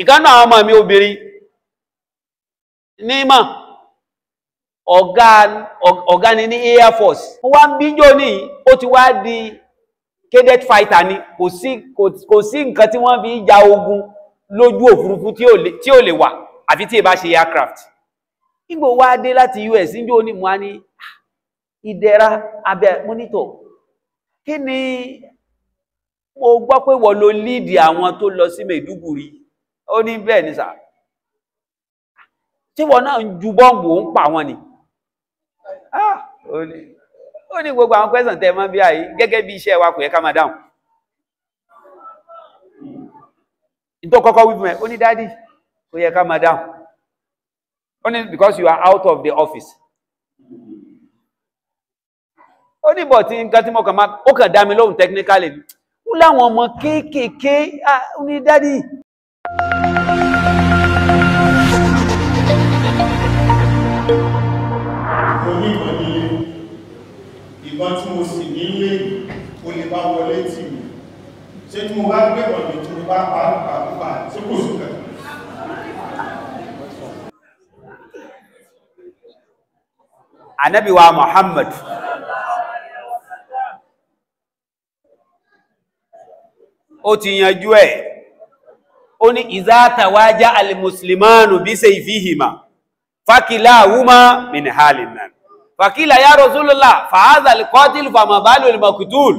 ìkánà àwọn ọmọ mi obìnrin nímọ̀ ọ̀gá ni ní air force wọ́n wá ń bíjò ní ó ti wá di cadet fighter ni kò sí kò sí nǹkan tí wọ́n fi ja ogun lójú òfurufú tí ò lè wà àfi tí ì ṣe aircraft ìgbò wá dé láti US níjó ní ah, mọ́ ní ìdẹ̀ra abẹ́ mọ́nítọ̀ kí ni mo gbọ́ pé wọ́n lo líìdì àwọn tó lọ sí Maiduguri ó ní bẹ́ẹ̀ ni sà tí wọ́n náà ń ju bọ́ǹbù ń pa wọn ni ah, ó ní gbogbo àwọn pẹ́sàn tẹ́ mọ́ bí àyí gẹ́gẹ́ bí iṣẹ́ wa kò yẹ ká máa dáhùn tó kọ́kọ́ wí fún ẹ ó ní dádì kò yẹ ká máa dáhùn ó ní because you are out of the office ó ní bọ̀ tí nǹkan tí mo kàn máa ó kàn dá mi lóhùn technically ó láwọn ọmọ kéékèèké ah, ó ní dádì mo ní ìbọn nílé ìbọn tí mo sì nílé o lè bá wọlé tì mí ṣé tí mo bá gbẹ̀bọ̀n mi tí mo bá pa pàápàá tí kò sùn kẹ̀kẹ́ Ànábì wa Muhammad ó ti yanjú ẹ̀ ó ní ìzátàwájá alìmùsùlùmánù bí ṣe ìfihìmà fákílá àwúmá mìnì hálìnà fàkílá yá rọ̀súlùlá fàázà kọtílù fàmàbálù olùmọ̀kùtùl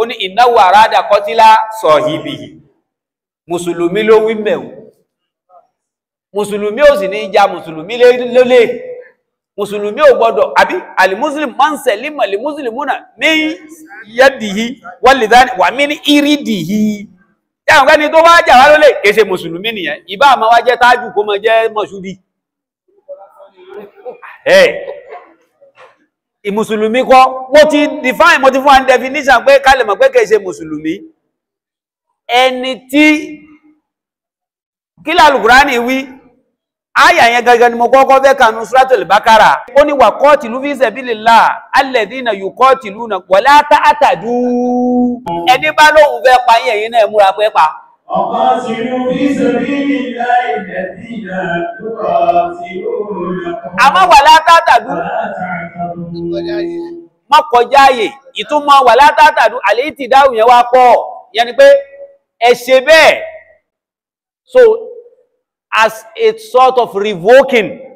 ó ní ìnáwó àrádà kọtílá sọ̀hìbì mùsùlùmí ló wí mẹ́wù mùsùlùmí ò sì ní ìjà mùsùlùmí lólè mùsùlùmí ò gbọdọ̀ àbí alìmùsùlùm mọ́nsẹ̀ límọ̀ alìmùsùlùmúnà mí yẹ́dìí wọ́lìdánì tẹ́wọ̀n pẹ́ni tó wá jà wá lólè kése mùsùlùmí nìyẹn ìbá àmọ́ wá jẹ́ tájù kó mọ jẹ́ mọ̀ṣúdí ẹ̀ ìmùsùlùmí kọ́ mo ti define mo ti fún an definition pé kálẹ̀ mọ̀ pé kése mùsùlùmí ẹni tí kí lálùkùránì wí Aya yẹn gangan ni mo kọ́kọ́ fẹ́ kanú Suratul Bakara. Ó ní wà qatilu fi sabilillah, alladhina yuqatiluna wala ta'tadu. Ẹni bá lóhun fẹ́ pa yín ẹ̀yin náà múra pé pa. Qatilu fi sabilillah alladhina yuqatiluna. Àmọ́ wala ta'tadu. Mọ́ kọjá ààyè, ìtumọ̀ wala ta'tadu, àlè ìtìdáhùn yẹn wá pọ̀. Yẹn ni pé ẹ So as a sort of revoking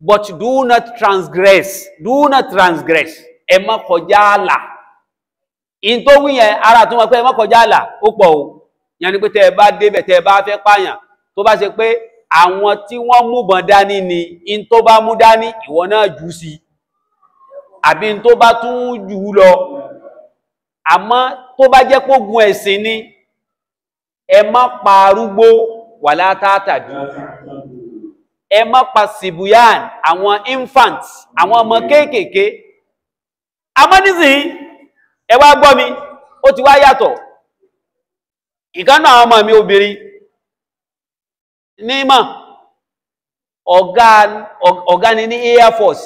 but do not transgress do not transgress ẹ má kọjá àlà in tó wí yẹn ara tó wọ́n pé ẹ má kọjá àlà ó pọ̀ o yẹn ni pé tẹ́ ẹ bá débẹ̀ tẹ́ ẹ bá fẹ́ pààyàn tó bá ṣe pé àwọn tí wọ́n múbọn dání ni in tó bá mú dání ìwọ náà jù sí àbí in tó bá tún jù ú lọ àmọ́ tó bá jẹ́ pógun ẹ̀sìn ni ẹ má pa arúgbó wà látàtàdù ẹ mọ́ pa sibuyan àwọn infant àwọn ọmọ kéékèèké amọ́nísìn ẹ wá gbọ́ mi ó ti wá yàtọ̀ ìkánú àwọn ọmọ mi obìnrin nímọ̀ ọ̀gá ni ní air force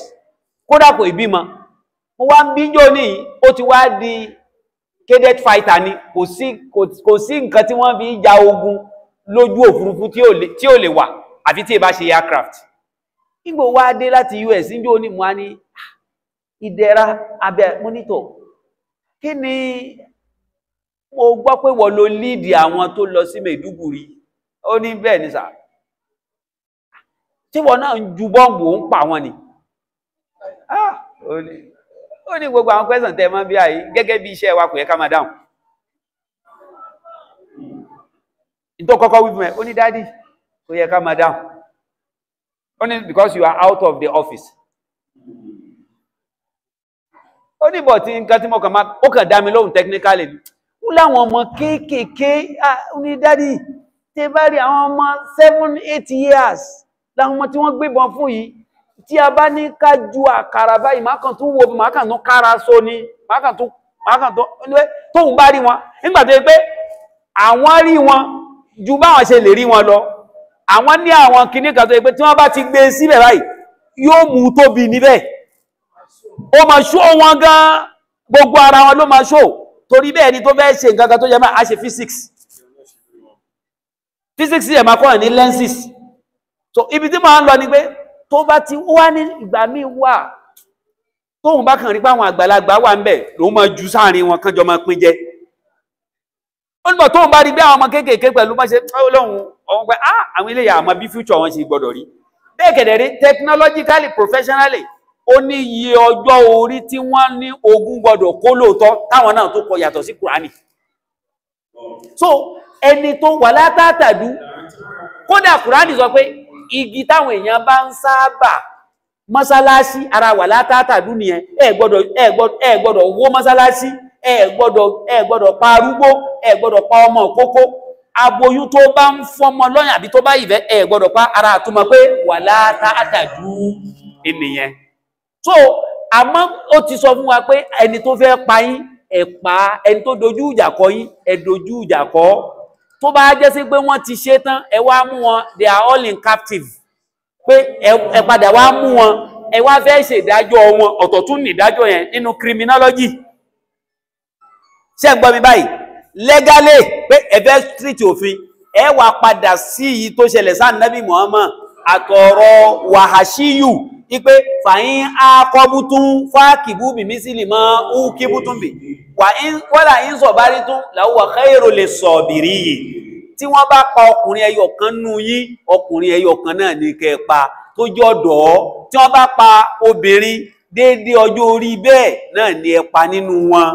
kódà kò ìbímọ mo wá ń bíjó ní ó ti wá di cadet fighter ni kò sí nǹkan tí wọ́n fi jà ogun lójú òfurufú tí ò lè wà àfi tí ì bá ṣe aircraft nígbò wá dé láti US níjó ní mo á ní ìdẹ̀ra abẹ́ mọ́nítọ̀ kí ni mo gbọ́ pé wọ́n ló líìdì àwọn tó lọ sí Maiduguri ó ní bẹ́ẹ̀ ni sà tí wọ́n náà ń ju bọ́ǹbù ń pa wọn ni ah, ó ní gbogbo àwọn kwẹ́sàn tẹ́ mọ́ bí i gẹ́gẹ́ bí iṣẹ́ wa kò yẹ ká máa dáhùn ìtọ́ kọ́kọ́ wí fún ẹ ó ní dádì ó yẹ ká máa dáhùn ó ní because you are out of the office ó ní bọ̀tí nǹkan tí mo kàn máa ó kàn dá mi lóhùn technically ó láwọn ọmọ kéékèèké ó ní dádì tí ẹ bá rí àwọn ọmọ seven eight years láwọn ọmọ tí wọ́n gbébọn fún yìí tí a bá ní ká ju àkàrà báyìí máa kàn tún wo máa kàn tún kára so ni máa kàn tún máa kàn tún tóun bá rí wọn nígbà tó yẹ pé àwọn rí wọn ju báwọn ṣe lè rí wọn lọ àwọn ní àwọn kìíní kan tó yẹ pé tí wọ́n bá ti gbé e síbẹ̀ báyìí yóò mú tóbi níbẹ̀ ó máa ṣó wọn gan gbogbo ara wọn ló máa ṣó torí bẹ́ẹ̀ ni tó fẹ́ ṣe nǹkan tó yẹ a ṣe physics physics yẹ máa kọ́ ní lenses so ibi tí máa ń lọ ni pé tó bá ti wá ní ìgbà míì wà tóun bá kàn rí pé àwọn àgbàlagbà wà ń bẹ̀ lòun máa ju sáàrin wọn kánjọ máa pín jẹ ó nígbà tó ń bá rí bí àwọn ọmọ kéékèèké pẹ̀lú bá ṣe ọlọ́run ọ̀hún pé ah àwọn ilé àmọ́ bí future wọn ṣe gbọ́dọ̀ rí bẹ́ẹ̀ kẹ̀dẹ̀rí technologically professionally ó ní iye ọjọ́ orí tí wọ́n ní ogún gbọ́dọ̀ kó lóòótọ́ táwọn náà tó kọ yàtọ̀ sí kùránì so ẹni tó wà látàtàdú kódà kùránì sọ pé igi táwọn èèyàn bá ń sábà mọ́sálásí ara wà látàtàdú nìyẹn ẹ gbọ́dọ̀ ẹ gbọ́dọ̀ wó mọ́sálásí ẹ pa arúgbó ẹ pa ọmọ kókó aboyún tó bá ń fọmọ lọ́yàn àbí tó bá ìfẹ́ ẹ pa ara àtúmọ̀ pé wà látà àtàdú ènìyàn so àmọ́ ó ti sọ fún wa pé ẹni tó fẹ́ pa yín ẹ ẹni tó dojú ìjà kọ yín ẹ tó bá jẹ́ sí pé wọ́n ti ṣe tán ẹ wá mú wọn they are all in captive pé ẹ padà wá mú wọn ẹ wá fẹ́ ṣèdájọ́ wọn ọ̀tọ̀ nìdájọ́ yẹn nínú criminology ṣé ń gbọ́ mi báyìí lẹ́gálẹ̀ pé ẹ̀fẹ́ street òfin ẹ wà padà sí yìí tó ṣẹlẹ̀ sáà nábì àtọ̀rọ̀ wàhásíyù ipe fàyín akọ́bútún fákìbú bìmísìlì mọ́ úkìbútún bì wọ́là ń sọ bá rí tún láwọ́ kẹ́rò lè sọ bìrí yìí tí wọ́n bá pa ọkùnrin ẹyọ kan nú yín ọkùnrin ẹyọ kan náà ní kẹpa tó jọ tí wọ́n bá pa obìnrin déédéé ọjọ́ orí bẹ́ẹ̀ náà ní ẹpa nínú wọn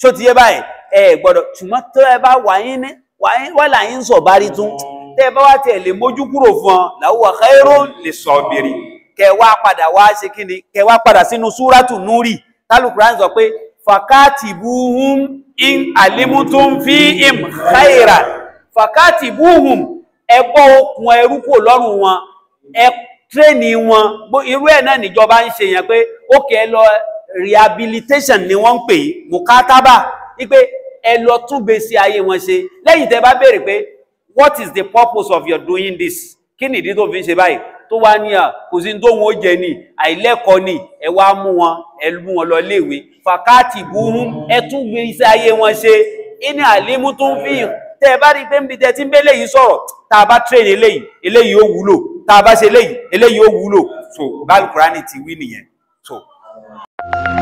ṣó ti yé báyìí ẹ gbọ́dọ̀ ṣùgbọ́n tó ẹ bá wàyín ní wàyín wà láyín sọ bá rí tún tẹ́ ẹ bá wá tẹ̀ lè mójú kúrò fún ọ làwọ̀ kẹ́rọ lè sọ bèrè kẹ wá padà wá ṣe kí ni kẹ wá padà sínú súrátù núrì tálùkùrán sọ pé fakatibuhum in alimutum fi im khaira fakatibuhum ẹ bọ́ okùn ẹrú kò lọ́rùn wọn ẹ tírẹ́nì wọn irú ẹ̀ náà níjọba ń ṣe yẹn pé ó kẹ́ lọ rehabilitation ni wọ́n pè mukataba wípé ẹ lọ tún gbèsè ayé wọn ṣe lẹ́yìn tẹ́ bá béèrè pé what is the purpose of your doing this kí nìdí tó fi ń ṣe báyìí tó wá ní à kò sí tó wọn ó jẹ ní àìlẹ́kọ̀ọ́ ní ẹ wá mú wọn ẹ mú wọn lọ léèwé fàkátì buhun ẹ tún gbé iṣẹ́ ayé wọn ṣe ní àlímú tó ń fi hàn tẹ́ bá rí pé ń bi tẹ́tí ń bẹ́ léyìí sọ̀rọ̀ tá a bá train eléyìí eléyìí ó wúlò tá a bá ṣe eléyìí eléyìí ó wúlò so báàlù kúránì ti wí nìyẹn Bye.